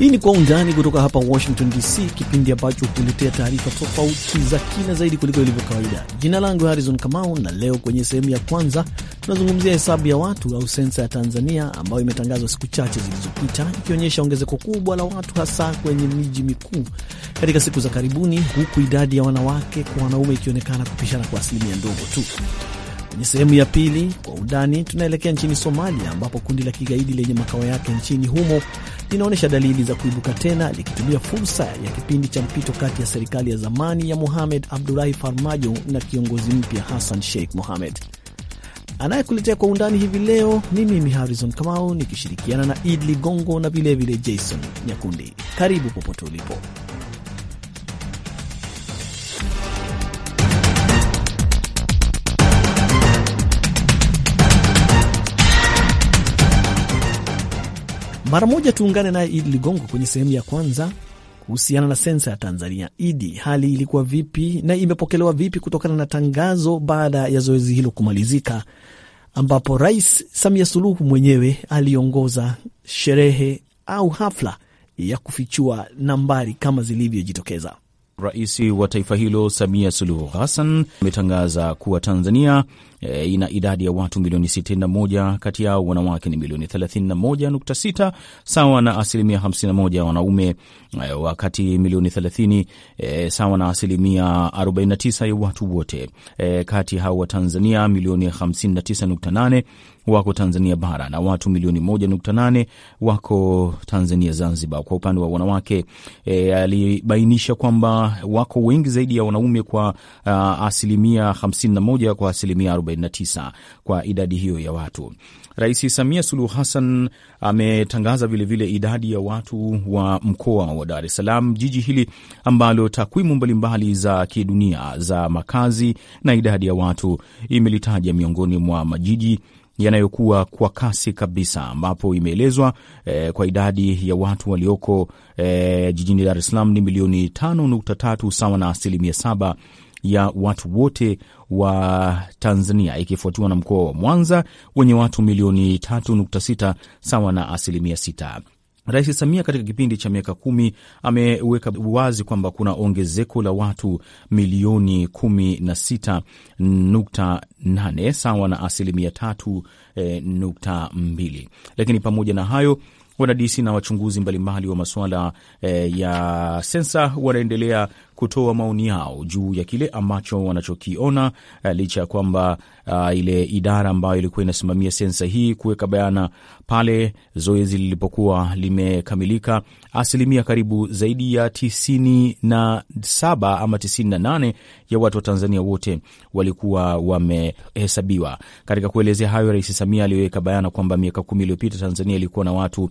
Hii ni Kwa Undani kutoka hapa Washington DC, kipindi ambacho hukuletea taarifa tofauti za kina zaidi kuliko ilivyo kawaida. Jina langu Harrison Kamau, na leo kwenye sehemu ya kwanza tunazungumzia hesabu ya watu au sensa ya Tanzania ambayo imetangazwa siku chache zilizopita, ikionyesha ongezeko kubwa la watu hasa kwenye miji mikuu katika siku za karibuni, huku idadi ya wanawake kwa wanaume ikionekana kupishana kwa asilimia ndogo tu. Kwenye sehemu ya pili kwa undani, tunaelekea nchini Somalia ambapo kundi la kigaidi lenye makao yake nchini humo linaonyesha dalili za kuibuka tena likitumia fursa ya kipindi cha mpito kati ya serikali ya zamani ya Mohamed Abdullahi Farmajo na kiongozi mpya Hassan Sheikh Mohamed. Anayekuletea kwa undani hivi leo ni mimi Harrison Kamau nikishirikiana na Idli Gongo na vilevile Jason Nyakundi. Karibu popote ulipo. Mara moja tuungane naye Idi Ligongo kwenye sehemu ya kwanza kuhusiana na sensa ya Tanzania. Idi, hali ilikuwa vipi na imepokelewa vipi kutokana na tangazo baada ya zoezi hilo kumalizika, ambapo Rais Samia Suluhu mwenyewe aliongoza sherehe au hafla ya kufichua nambari kama zilivyojitokeza? Rais wa taifa hilo Samia Suluhu Hassan ametangaza kuwa Tanzania e, ina idadi ya watu milioni 61, kati yao wanawake ni milioni 31.6 sawa na asilimia 51 ya wanaume, eh, wakati milioni 30 e, eh, sawa na asilimia 49 ya watu wote. E, kati hao wa Tanzania milioni 59.8 wako Tanzania bara na watu milioni 1.8 wako Tanzania Zanzibar. Kwa upande wa wanawake e, alibainisha kwamba wako wengi zaidi ya wanaume kwa uh, asilimia 51 kwa asilimia 49 kwa idadi hiyo ya watu. Rais Samia Suluhu Hassan ametangaza vilevile idadi ya watu wa mkoa wa Dar es Salaam, jiji hili ambalo takwimu mbalimbali za kidunia za makazi na idadi ya watu imelitaja miongoni mwa majiji yanayokuwa kwa kasi kabisa, ambapo imeelezwa eh, kwa idadi ya watu walioko eh, jijini Dar es Salaam ni milioni 5.3 sawa na asilimia saba ya watu wote wa Tanzania ikifuatiwa na mkoa wa Mwanza wenye watu milioni 3.6 sawa na asilimia sita Rais Samia katika kipindi cha miaka kumi ameweka wazi kwamba kuna ongezeko la watu milioni 16.8 sawa na asilimia 3.2. Eh, Lakini pamoja na hayo wanadisi na wachunguzi mbalimbali wa masuala eh, ya sensa wanaendelea kutoa maoni yao juu ya kile ambacho wanachokiona eh, licha ya kwamba uh, ile idara ambayo ilikuwa inasimamia sensa hii kuweka bayana pale zoezi lilipokuwa limekamilika, asilimia karibu zaidi ya 97 ama 98 ya watu wa Tanzania wote walikuwa wamehesabiwa. Katika kuelezea hayo, Rais Samia aliyoweka bayana kwamba miaka kumi iliyopita Tanzania ilikuwa na watu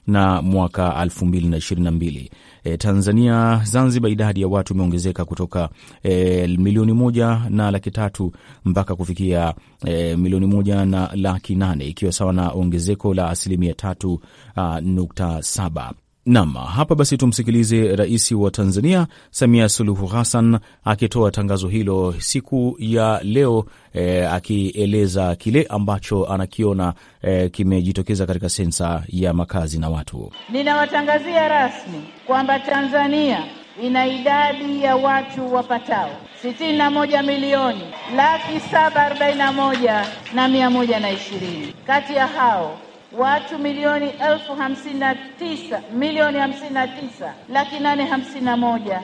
na mwaka 2022. E, Tanzania Zanzibar, idadi ya watu imeongezeka kutoka e, milioni moja na laki tatu mpaka kufikia e, milioni moja na laki nane ikiwa sawa na ongezeko la asilimia tatu nukta saba. Nam, hapa basi tumsikilize Rais wa Tanzania Samia Suluhu Hassan akitoa tangazo hilo siku ya leo e, akieleza kile ambacho anakiona e, kimejitokeza katika sensa ya makazi na watu. Ninawatangazia rasmi kwamba Tanzania ina idadi ya watu wapatao 61 milioni laki 741 na 120. Kati ya hao watu milioni elfu hamsini na tisa milioni hamsini na tisa laki nane hamsini na moja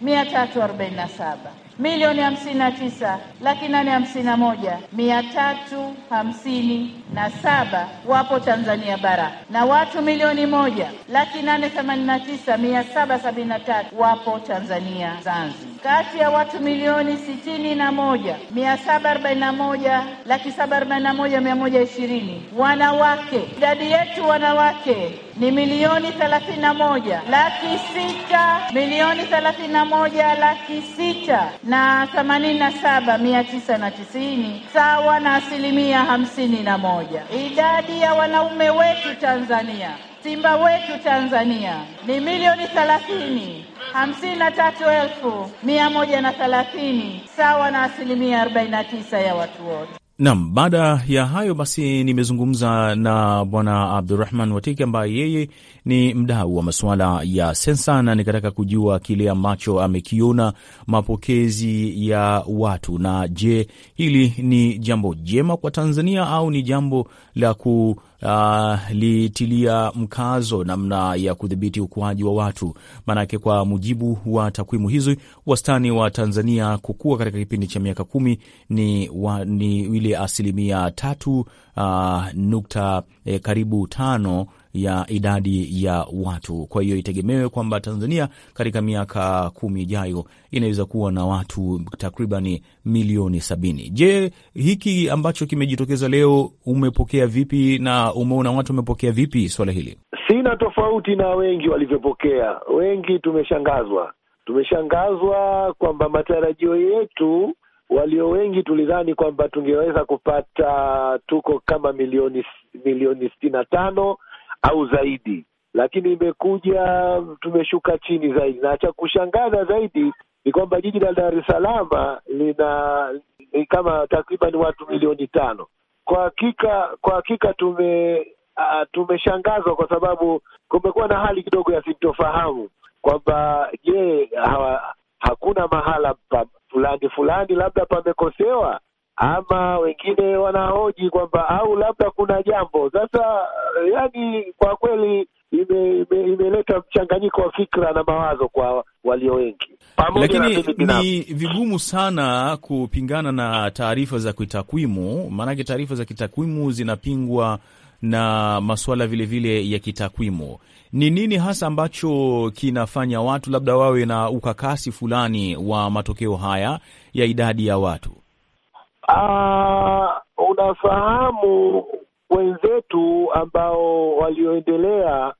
mia tatu arobaini na saba milioni hamsini na tisa laki nane hamsini na moja mia tatu hamsini na saba wapo Tanzania bara na watu milioni moja laki nane themanini na tisa mia saba sabini na tatu wapo Tanzania Zanzibar. Kati ya watu milioni sitini na moja mia saba arobaini na moja laki saba arobaini na moja mia moja ishirini wanawake, idadi yetu wanawake ni milioni thelathini na moja laki sita milioni thelathini na moja laki sita na themanini na saba mia tisa na tisini sawa na asilimia hamsini na moja. Idadi ya wanaume wetu Tanzania, simba wetu Tanzania ni milioni thelathini hamsini na tatu elfu mia moja na thelathini sawa na asilimia arobaini na tisa ya watu wote. Naam, baada ya hayo basi, nimezungumza na Bwana Abdurahman Watiki ambaye yeye ni mdau wa masuala ya sensa, na nikataka kujua kile ambacho amekiona mapokezi ya watu, na je, hili ni jambo jema kwa Tanzania au ni jambo la ku uh, litilia mkazo namna ya kudhibiti ukuaji wa watu. Maanake kwa mujibu wa takwimu hizi, wastani wa Tanzania kukua katika kipindi cha miaka kumi ni, wa, ni ile asilimia tatu uh, nukta eh, karibu tano ya idadi ya watu. Kwa hiyo itegemewe kwamba Tanzania katika miaka kumi ijayo inaweza kuwa na watu takribani milioni sabini. Je, hiki ambacho kimejitokeza leo umepokea vipi na umeona watu wamepokea vipi swala hili? Sina tofauti na wengi walivyopokea. Wengi tumeshangazwa, tumeshangazwa kwamba matarajio yetu walio wengi tulidhani kwamba tungeweza kupata tuko kama milioni milioni sitini na tano au zaidi, lakini imekuja tumeshuka chini zaidi, na cha kushangaza zaidi ni kwamba jiji la Dar es Salaam lina ni kama takriban watu milioni tano. Kwa hakika kwa hakika tume uh, tumeshangazwa kwa sababu kumekuwa na hali kidogo ya sintofahamu kwamba je, hakuna mahala pa fulani fulani labda pamekosewa ama wengine wanahoji kwamba au labda kuna jambo sasa. Eh, yani kwa kweli imeleta ime, ime mchanganyiko wa fikra na mawazo kwa walio wengi, lakini ni vigumu sana kupingana na taarifa za kitakwimu, maanake taarifa za kitakwimu zinapingwa na masuala vilevile vile ya kitakwimu. Ni nini hasa ambacho kinafanya watu labda wawe na ukakasi fulani wa matokeo haya ya idadi ya watu? Uh, unafahamu wenzetu ambao walioendelea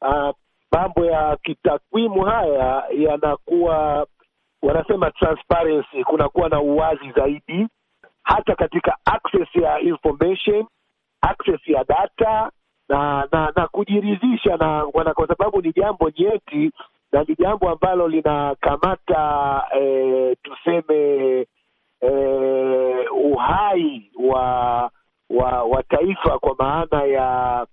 uh, mambo ya kitakwimu haya yanakuwa wanasema transparency, kunakuwa na uwazi zaidi hata katika access ya information, access ya data na na, na kujiridhisha na wana, kwa sababu ni jambo nyeti na ni jambo ambalo linakamata eh, tuseme eh, uhai wa wa wa taifa kwa maana ya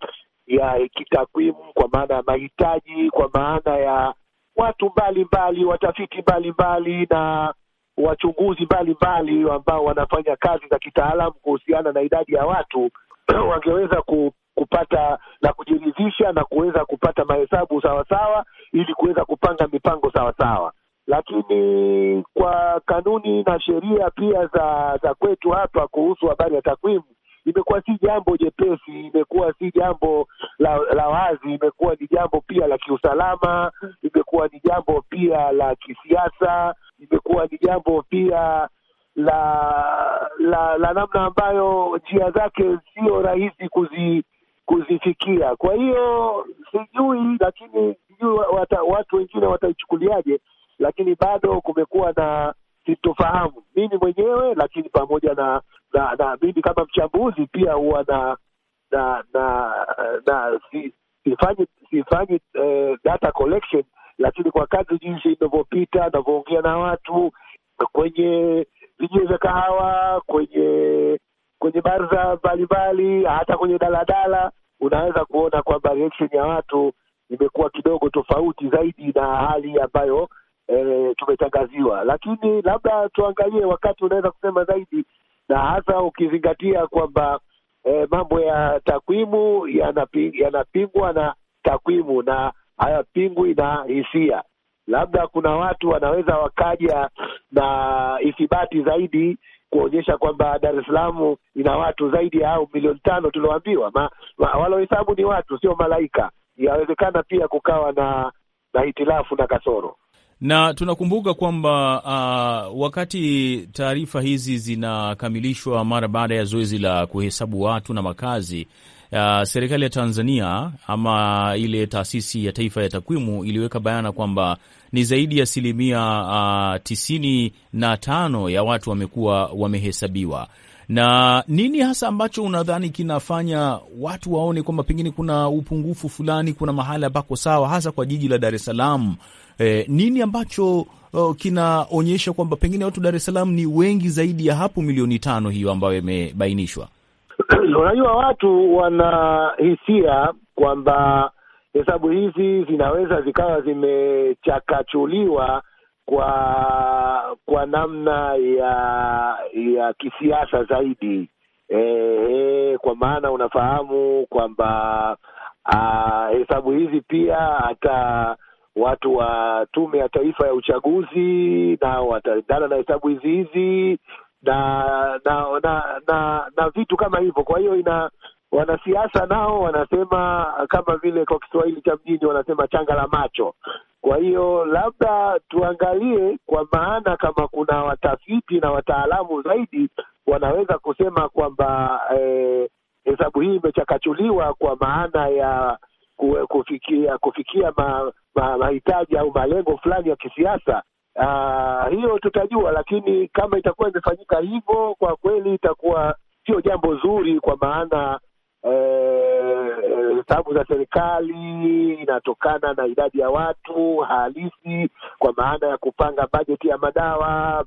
ya kitakwimu, kwa maana ya mahitaji, kwa maana ya watu mbalimbali, watafiti mbalimbali na wachunguzi mbalimbali ambao wanafanya kazi za kitaalamu kuhusiana na idadi ya watu wangeweza ku, kupata na kujiridhisha na kuweza kupata mahesabu sawasawa, ili kuweza kupanga mipango sawasawa lakini kwa kanuni na sheria pia za za kwetu hapa kuhusu habari ya takwimu imekuwa si jambo jepesi, imekuwa si jambo la, la wazi, imekuwa ni jambo pia la kiusalama, imekuwa ni jambo pia la kisiasa, imekuwa ni jambo pia la la la namna ambayo njia zake sio rahisi kuzi, kuzifikia. Kwa hiyo sijui, lakini sijui watu wengine wataichukuliaje, lakini bado kumekuwa na sintofahamu mimi mwenyewe, lakini pamoja na na, na mimi kama mchambuzi pia huwa na na na, na si, sifanyi sifanyi eh, data collection, lakini kwa kazi jinsi inavyopita navyoongea na watu kwenye vijio vya kahawa, kwenye kwenye barza mbalimbali, hata kwenye daladala, unaweza kuona kwamba reaction ya watu imekuwa kidogo tofauti zaidi na hali ambayo e, tumetangaziwa, lakini labda tuangalie wakati unaweza kusema zaidi, na hasa ukizingatia kwamba e, mambo ya takwimu yanapingwa ya na takwimu na hayapingwi na hisia. Labda kuna watu wanaweza wakaja na ithibati zaidi kuonyesha kwamba Dar es Salaam ina watu zaidi ya au milioni tano tulioambiwa, walohesabu ni watu, sio malaika. Yawezekana pia kukawa na na hitilafu na kasoro na tunakumbuka kwamba uh, wakati taarifa hizi zinakamilishwa mara baada ya zoezi la kuhesabu watu na makazi uh, serikali ya Tanzania ama ile taasisi ya taifa ya takwimu iliweka bayana kwamba ni zaidi ya asilimia uh, tisini na tano ya watu wamekuwa wamehesabiwa na nini hasa ambacho unadhani kinafanya watu waone kwamba pengine kuna upungufu fulani, kuna mahala pako sawa, hasa kwa jiji la Dar es Salaam? E, nini ambacho oh, kinaonyesha kwamba pengine watu Dar es Salaam ni wengi zaidi ya hapo milioni tano hiyo ambayo imebainishwa? Unajua, watu wana hisia kwamba hesabu hizi zinaweza zikawa zimechakachuliwa kwa kwa namna ya ya kisiasa zaidi e, e, kwa maana unafahamu kwamba hesabu hizi pia hata watu wa Tume ya Taifa ya Uchaguzi nao wataendana na hesabu hizi hizi na na na, na na vitu kama hivyo. Kwa hiyo ina Wanasiasa nao wanasema kama vile kwa Kiswahili cha mjini wanasema changa la macho. Kwa hiyo labda tuangalie kwa maana, kama kuna watafiti na wataalamu zaidi wanaweza kusema kwamba eh, hesabu eh, hii imechakachuliwa kwa maana ya kufikia kufikia mahitaji ma, mahitaji au malengo fulani ya kisiasa. Uh, hiyo tutajua, lakini kama itakuwa imefanyika hivyo, kwa kweli itakuwa sio jambo zuri, kwa maana eh, sababu za serikali inatokana na idadi ya watu halisi, kwa maana ya kupanga bajeti ya madawa,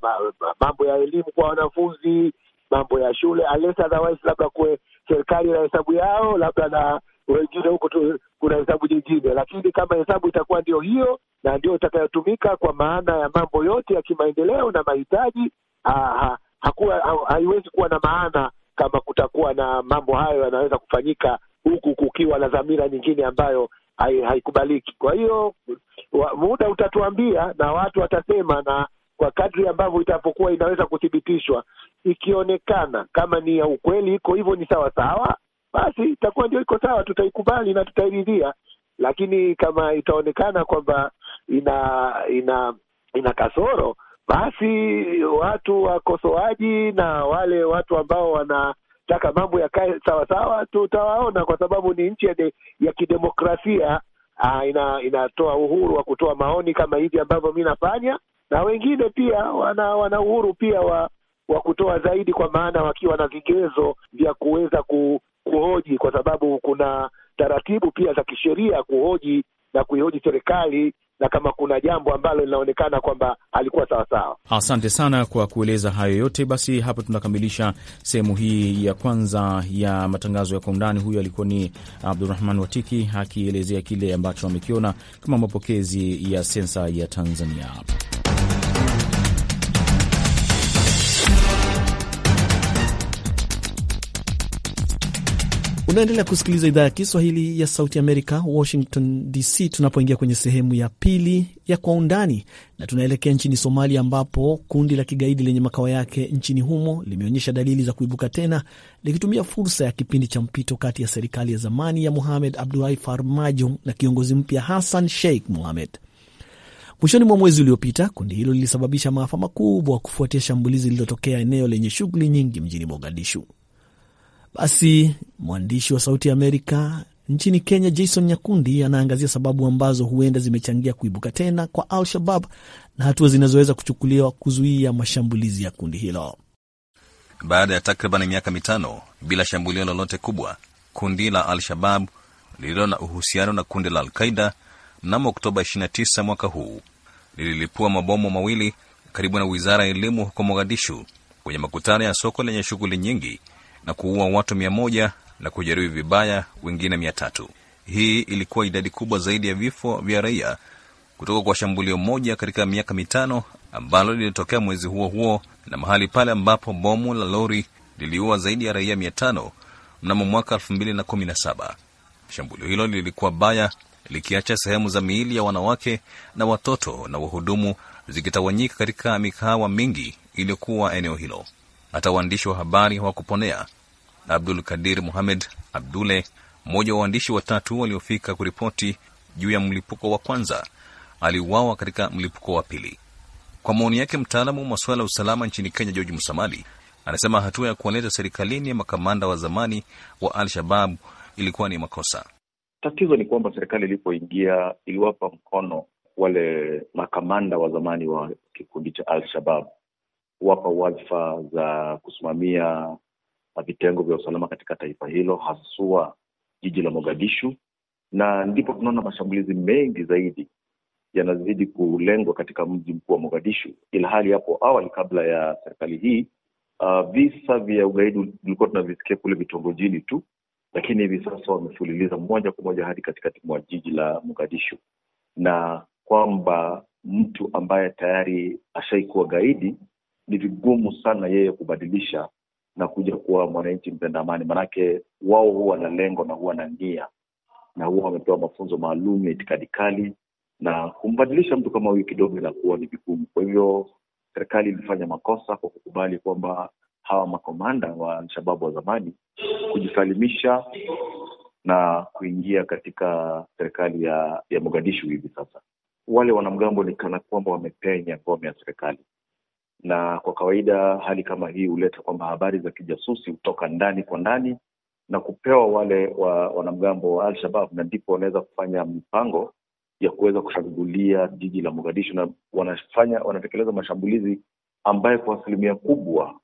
mambo ya elimu kwa wanafunzi, mambo ya shule, alesa, otherwise labda kuwe serikali na hesabu yao labda na wengine huko tu kuna hesabu nyingine, lakini kama hesabu itakuwa ndio hiyo na ndio itakayotumika kwa maana ya mambo yote ya kimaendeleo na mahitaji, haiwezi kuwa na maana kama kutakuwa na mambo hayo yanaweza kufanyika huku kukiwa na dhamira nyingine ambayo haikubaliki. Kwa hiyo muda utatuambia na watu watasema, na kwa kadri ambavyo itapokuwa inaweza kuthibitishwa, ikionekana kama ni ya ukweli, iko hivyo, ni sawa sawa, basi itakuwa ndio iko sawa, tutaikubali na tutairidhia. Lakini kama itaonekana kwamba ina ina ina kasoro basi watu wakosoaji na wale watu ambao wanataka mambo yakae sawasawa tutawaona, kwa sababu ni nchi ya, de, ya kidemokrasia aa, ah, ina, inatoa uhuru wa kutoa maoni kama hivi ambavyo mi nafanya, na wengine pia wana, wana uhuru pia wa wa kutoa zaidi, kwa maana wakiwa na vigezo vya kuweza ku, kuhoji, kwa sababu kuna taratibu pia za kisheria kuhoji na kuihoji serikali na kama kuna jambo ambalo linaonekana kwamba alikuwa sawasawa. Asante sana kwa kueleza hayo yote. Basi hapa tunakamilisha sehemu hii ya kwanza ya matangazo ya kwa undani. Huyo alikuwa ni Abdurahman Watiki akielezea kile ambacho amekiona kama mapokezi ya sensa ya Tanzania. Unaendelea kusikiliza idhaa ya Kiswahili ya Sauti Amerika, Washington DC, tunapoingia kwenye sehemu ya pili ya Kwa Undani, na tunaelekea nchini Somalia ambapo kundi la kigaidi lenye makao yake nchini humo limeonyesha dalili za kuibuka tena, likitumia fursa ya kipindi cha mpito kati ya serikali ya zamani ya Mohamed Abdullahi Farmajo na kiongozi mpya Hassan Sheikh Mohamed. Mwishoni mwa mwezi uliopita, kundi hilo lilisababisha maafa makubwa kufuatia shambulizi lililotokea eneo lenye shughuli nyingi mjini Mogadishu. Basi mwandishi wa Sauti ya Amerika nchini Kenya, Jason Nyakundi anaangazia sababu ambazo huenda zimechangia kuibuka tena kwa Al-Shabab na hatua zinazoweza kuchukuliwa kuzuia mashambulizi ya kundi hilo. Baada ya takriban miaka mitano bila shambulio lolote kubwa, kundi la Al-Shabab lililo na uhusiano na kundi la Al-Qaida mnamo Oktoba 29 mwaka huu lililipua mabomu mawili karibu na wizara ya elimu huko Mogadishu, kwenye makutano ya soko lenye shughuli nyingi na kuua watu mia moja na kujeruhi vibaya wengine mia tatu. Hii ilikuwa idadi kubwa zaidi ya vifo vya raia kutoka kwa shambulio moja katika miaka mitano ambalo lilitokea mwezi huo huo na mahali pale ambapo bomu la lori liliua zaidi ya raia mia tano mnamo mwaka elfu mbili na kumi na saba. Shambulio hilo lilikuwa baya, likiacha sehemu za miili ya wanawake na watoto na wahudumu zikitawanyika katika mikahawa mingi iliyokuwa eneo hilo. Hata waandishi wa habari hawakuponea na Abdul Kadir muhamed Abdule, mmoja wa waandishi watatu waliofika kuripoti juu ya mlipuko wa kwanza, aliuawa katika mlipuko wa pili. Kwa maoni yake, mtaalamu wa masuala ya usalama nchini Kenya George Musamali anasema hatua ya kuwaleta serikalini makamanda wa zamani wa Al-Shabab ilikuwa ni makosa. Tatizo ni kwamba serikali ilipoingia iliwapa mkono wale makamanda wa zamani wa kikundi cha Al-Shabab, kuwapa wadhifa za kusimamia na vitengo vya usalama katika taifa hilo, haswa jiji la Mogadishu, na ndipo tunaona mashambulizi mengi zaidi yanazidi kulengwa katika mji mkuu wa Mogadishu, ila hali hapo awali kabla ya serikali hii uh, visa vya ugaidi vilikuwa tunavisikia kule vitongojini tu, lakini hivi sasa wamefululiza moja kwa moja hadi katikati mwa jiji la Mogadishu, na kwamba mtu ambaye tayari ashaikuwa gaidi ni vigumu sana yeye kubadilisha na kuja kuwa mwananchi mpenda amani, maanake wao huwa na lengo na huwa na nia na huwa wamepewa mafunzo maalum ya itikadi kali, na kumbadilisha mtu kama huyu kidogo inakuwa ni vigumu. Kwa hivyo serikali ilifanya makosa kwa kukubali kwamba hawa makomanda wa Alshababu wa zamani kujisalimisha na kuingia katika serikali ya ya Mogadishu hivi sasa. Wale wanamgambo ni kana kwamba wamepenya ngome ya serikali, na kwa kawaida hali kama hii huleta kwamba habari za kijasusi hutoka ndani kwa ndani na kupewa wale wa, wanamgambo wa alshabab na ndipo wanaweza kufanya mipango ya kuweza kushambulia jiji la Mogadishu, na wanafanya wanatekeleza mashambulizi ambayo kwa asilimia kubwa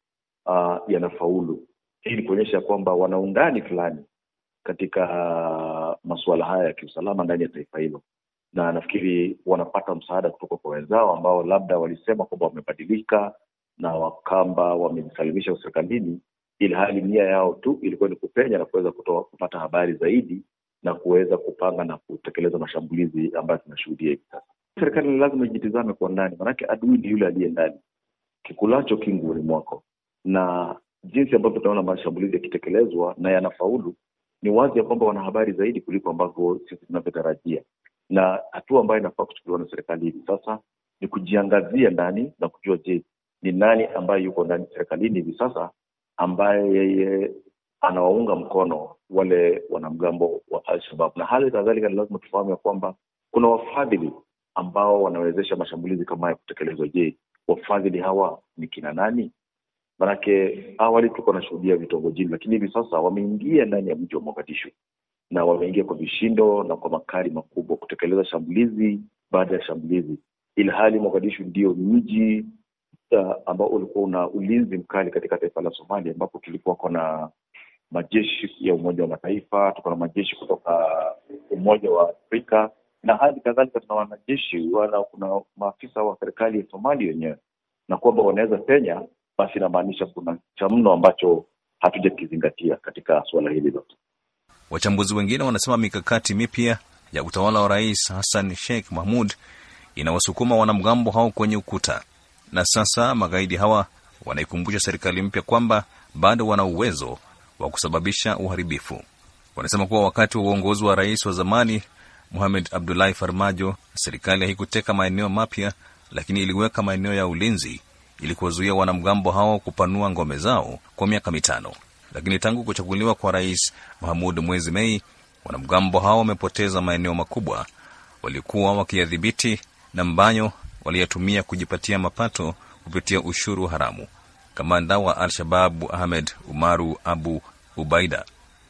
uh, yanafaulu. Hii ni kuonyesha kwamba wana undani fulani katika uh, masuala haya ya kiusalama ndani ya taifa hilo na nafikiri wanapata msaada kutoka kwa wenzao ambao labda walisema kwamba wamebadilika na wakamba wamejisalimisha serikalini, ili hali nia yao tu ilikuwa ni kupenya na kuweza kutoa kupata habari zaidi na kuweza kupanga na kutekeleza mashambulizi ambayo tunashuhudia hivi sasa. Serikali lazima ijitizame kwa ndani, maanake adui ni yule aliye ndani, kikulacho kinguuni mwako. Na jinsi ambavyo tunaona mashambulizi yakitekelezwa na yanafaulu, ni wazi ya kwamba wana habari zaidi kuliko ambavyo sisi tunavyotarajia na hatua ambayo inafaa kuchukuliwa na serikali hivi sasa ni kujiangazia ndani na kujua, je, ni nani ambaye yuko ndani serikalini hivi sasa ambaye yeye anawaunga mkono wale wanamgambo wa alshabab na hali kadhalika ni lazima tufahamu ya kwamba kuna wafadhili ambao wanawezesha mashambulizi kama haya kutekelezwa. Je, wafadhili hawa ni kina nani? Manake awali na tunashuhudia vitongojini, lakini hivi sasa wameingia ndani ya mji wa Mogadishu na wameingia kwa vishindo na kwa makali makubwa kutekeleza shambulizi baada ya shambulizi, ilhali Mogadishu ndio mji uh, ambao ulikuwa una ulinzi mkali katika taifa la Somalia, ambapo tulikuwa kona majeshi ya Umoja wa Mataifa, tuko na majeshi kutoka Umoja wa Afrika na hadi kadhalika tuna wanajeshi wana, kuna maafisa wa serikali ya Somalia wenyewe, na kwamba wanaweza penya, basi inamaanisha kuna cha mno ambacho hatujakizingatia katika suala hili lote. Wachambuzi wengine wanasema mikakati mipya ya utawala wa Rais Hassan Sheikh Mahmud inawasukuma wanamgambo hao kwenye ukuta, na sasa magaidi hawa wanaikumbusha serikali mpya kwamba bado wana uwezo wa kusababisha uharibifu. Wanasema kuwa wakati wa uongozi wa rais wa zamani muhamed abdulahi Farmajo, serikali haikuteka maeneo mapya, lakini iliweka maeneo ya ulinzi ili kuwazuia wanamgambo hao kupanua ngome zao kwa miaka mitano lakini tangu kuchaguliwa kwa Rais Mahmud mwezi Mei, wanamgambo hao wamepoteza maeneo makubwa walikuwa wakiyadhibiti na ambayo waliyatumia kujipatia mapato kupitia ushuru haramu. Kamanda wa Al-Shababu Ahmed Umaru Abu Ubaida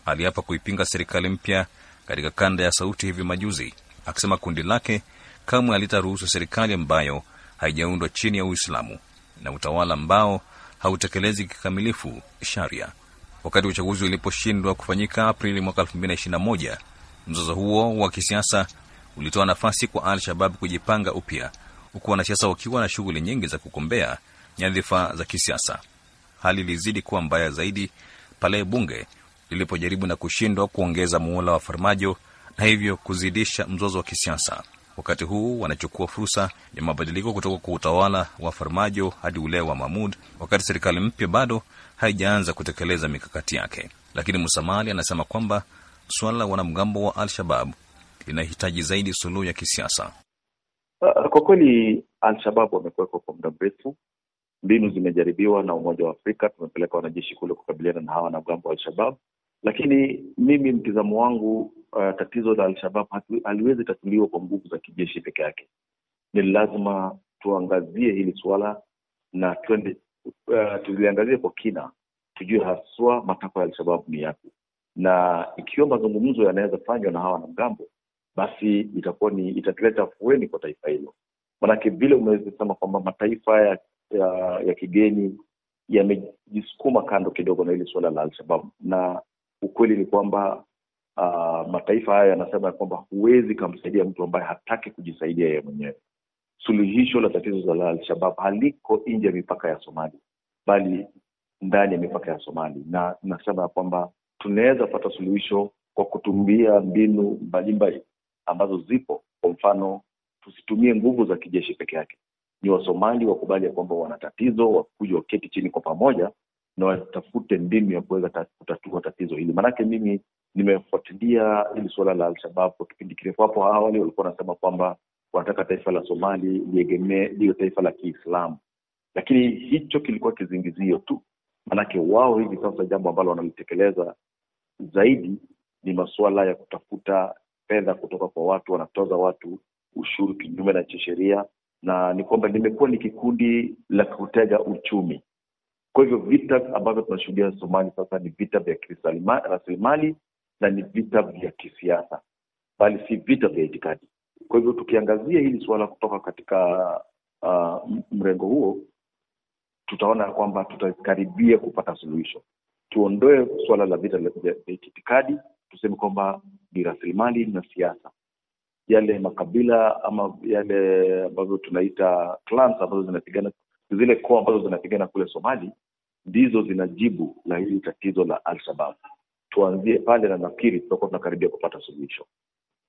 aliapa kuipinga serikali mpya katika kanda ya Sauti hivi majuzi, akisema kundi lake kamwe alitaruhusu serikali ambayo haijaundwa chini ya Uislamu na utawala ambao hautekelezi kikamilifu sharia wakati uchaguzi uliposhindwa kufanyika Aprili mwaka 2021. Mzozo huo wa kisiasa ulitoa nafasi kwa Al-Shabab kujipanga upya, huku wanasiasa wakiwa na shughuli nyingi za kugombea nyadhifa za kisiasa. Hali ilizidi kuwa mbaya zaidi pale bunge lilipojaribu na kushindwa kuongeza muhula wa Farmajo na hivyo kuzidisha mzozo wa kisiasa. Wakati huu wanachukua fursa ya mabadiliko kutoka kwa utawala wa Farmajo hadi ule wa Mahmud, wakati serikali mpya bado haijaanza kutekeleza mikakati yake, lakini Musamali anasema kwamba suala la wanamgambo wa Al-Shabab linahitaji zaidi suluhu ya kisiasa. Ah, ah, kwa kweli, Al-Shabab wamekuwekwa kwa muda mrefu, mbinu zimejaribiwa na Umoja wa Afrika, tumepeleka wanajeshi kule kukabiliana na hawa wanamgambo wa Al-Shabab, lakini mimi mtizamo wangu uh, tatizo la Al-Shabab haliwezi tatuliwa kwa nguvu za kijeshi peke yake. Ni lazima tuangazie hili suala na twende uh, tuliangalia kwa kina tujue haswa matakwa ya Alshababu ni yapi, na ikiwa mazungumzo yanaweza fanywa na hawa wanamgambo, basi itakuwa ni itatuleta afueni kwa taifa hilo. Manake vile umewezasema kwamba mataifa ya, ya, ya kigeni yamejisukuma kando kidogo na hili suala la Alshababu, na ukweli ni kwamba uh, mataifa hayo yanasema ya kwamba huwezi kamsaidia mtu ambaye hataki kujisaidia yeye mwenyewe suluhisho la tatizo la alshabab haliko nje ya mipaka ya somali bali ndani ya mipaka ya Somali, na nasema ya kwamba tunaweza pata suluhisho kwa kutumia mbinu mbalimbali ambazo zipo. Kwa mfano, tusitumie nguvu za kijeshi peke yake. Ni Wasomali wakubali ya kwamba wana tatizo, wakuja waketi chini kwa pamoja na watafute mbinu ya kuweza kutatua tatizo hili. Maanake mimi nimefuatilia hili suala la Alshabab kwa kipindi kirefu. Hapo awali walikuwa wanasema kwamba wanataka taifa la Somali liegemee liyo taifa la Kiislamu, lakini hicho kilikuwa kizingizio tu, maanake wao hivi sasa jambo ambalo wanalitekeleza zaidi ni masuala ya kutafuta fedha kutoka kwa watu, wanatoza watu ushuru kinyume na cha sheria, na ni kwamba limekuwa ni kikundi la kutega uchumi. Kwa hivyo vita ambavyo tunashuhudia Somali sasa ni vita vya rasilimali na ni vita vya kisiasa, bali si vita vya itikadi. Kwa hivyo tukiangazia hili suala kutoka katika uh, mrengo huo, tutaona kwamba tutakaribia kupata suluhisho. Tuondoe suala la vita vya itikadi tuseme kwamba ni rasilimali na siasa yale makabila ama yale ambazo tunaita clans ambazo zinapigana zile koo ambazo zinapigana kule Somali ndizo zinajibu la hili tatizo la Alshabab. Tuanzie pale na nafikiri tutakuwa tunakaribia kupata suluhisho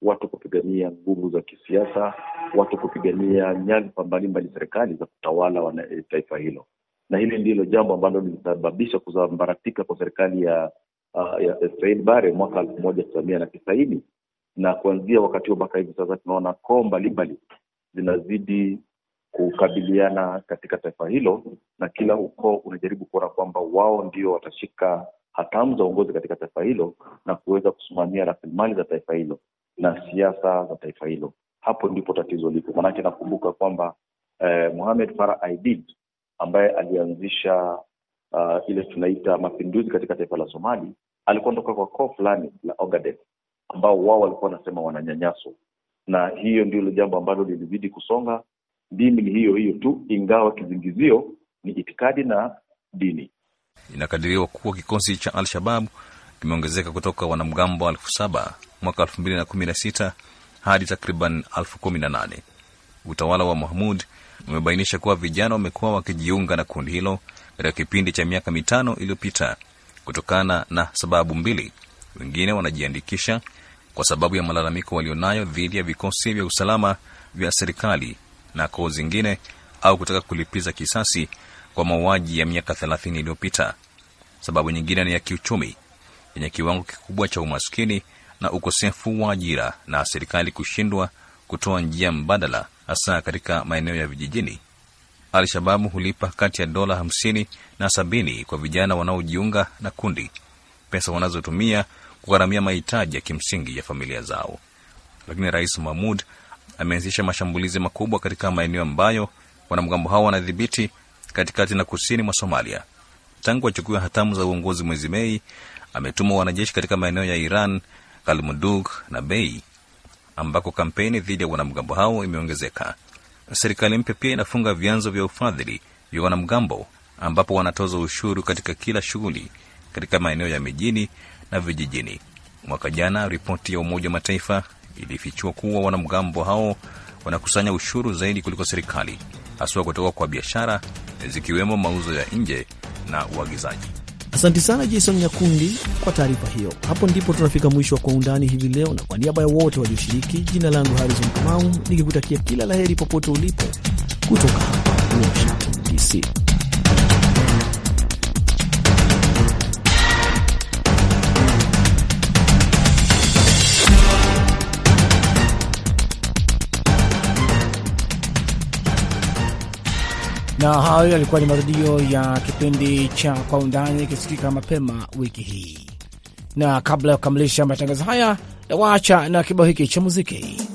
watu kupigania nguvu za kisiasa, watu kupigania nyadhifa mbalimbali serikali za kutawala wana eh, taifa hilo, na hili ndilo jambo ambalo lilisababisha kusambaratika kwa serikali ya uh, ya Said Barre mwaka elfu moja tisa mia na tisaini na kuanzia wakati huo mpaka hivi sasa tunaona koo mbalimbali zinazidi kukabiliana katika taifa hilo, na kila ukoo unajaribu kuona kwamba wao ndio watashika hatamu za uongozi katika taifa hilo na kuweza kusimamia rasilimali za taifa hilo na siasa za taifa hilo. Hapo ndipo tatizo lipo, maanake nakumbuka kwamba eh, Mohamed Farah Aidid ambaye alianzisha uh, ile tunaita mapinduzi katika taifa la Somali alikuwa ndoka kwa koo fulani la Ogaden ambao wao walikuwa wanasema wananyanyaswa, na hiyo ndio ile jambo ambalo lilizidi kusonga. Dini ni hiyo hiyo tu, ingawa kizingizio ni itikadi na dini. Inakadiriwa kuwa kikosi cha Al-Shabab imeongezeka kutoka wanamgambo elfu saba mwaka elfu mbili na kumi na sita hadi takriban elfu kumi na nane. Utawala wa Mahmud umebainisha kuwa vijana wamekuwa wakijiunga na kundi hilo katika kipindi cha miaka mitano iliyopita kutokana na sababu mbili. Wengine wanajiandikisha kwa sababu ya malalamiko walionayo dhidi ya vikosi vya usalama vya serikali na koo zingine, au kutaka kulipiza kisasi kwa mauaji ya miaka thelathini iliyopita. Sababu nyingine ni ya kiuchumi yenye kiwango kikubwa cha umaskini na ukosefu wa ajira na serikali kushindwa kutoa njia mbadala hasa katika maeneo ya vijijini. alshababu hulipa kati ya dola hamsini na sabini kwa vijana wanaojiunga na kundi, pesa wanazotumia kugharamia mahitaji ya kimsingi ya familia zao. Lakini Rais Mahmud ameanzisha mashambulizi makubwa katika maeneo ambayo wanamgambo hao wanadhibiti katikati na kusini mwa Somalia. Tangu achukua hatamu za uongozi mwezi Mei, ametuma wanajeshi katika maeneo ya Iran, Kalmudug na Bei ambako kampeni dhidi ya wanamgambo hao imeongezeka. Serikali mpya pia inafunga vyanzo vya ufadhili vya wanamgambo ambapo wanatoza ushuru katika kila shughuli katika maeneo ya mijini na vijijini. Mwaka jana ripoti ya Umoja wa Mataifa ilifichua kuwa wanamgambo hao wanakusanya ushuru zaidi kuliko serikali, haswa kutoka kwa biashara zikiwemo mauzo ya nje na uagizaji asanti sana Jason Nyakundi kwa taarifa hiyo. Hapo ndipo tunafika mwisho wa Kwa Undani hivi leo, na kwa niaba ya wote walioshiriki, jina langu Harrison Kamau nikikutakia kila laheri popote ulipo kutoka hapa Washington DC. na hayo yalikuwa ni marudio ya kipindi cha Kwa Undani kisikika mapema wiki hii, na kabla ya kukamilisha matangazo haya, nawaacha na kibao hiki cha muziki.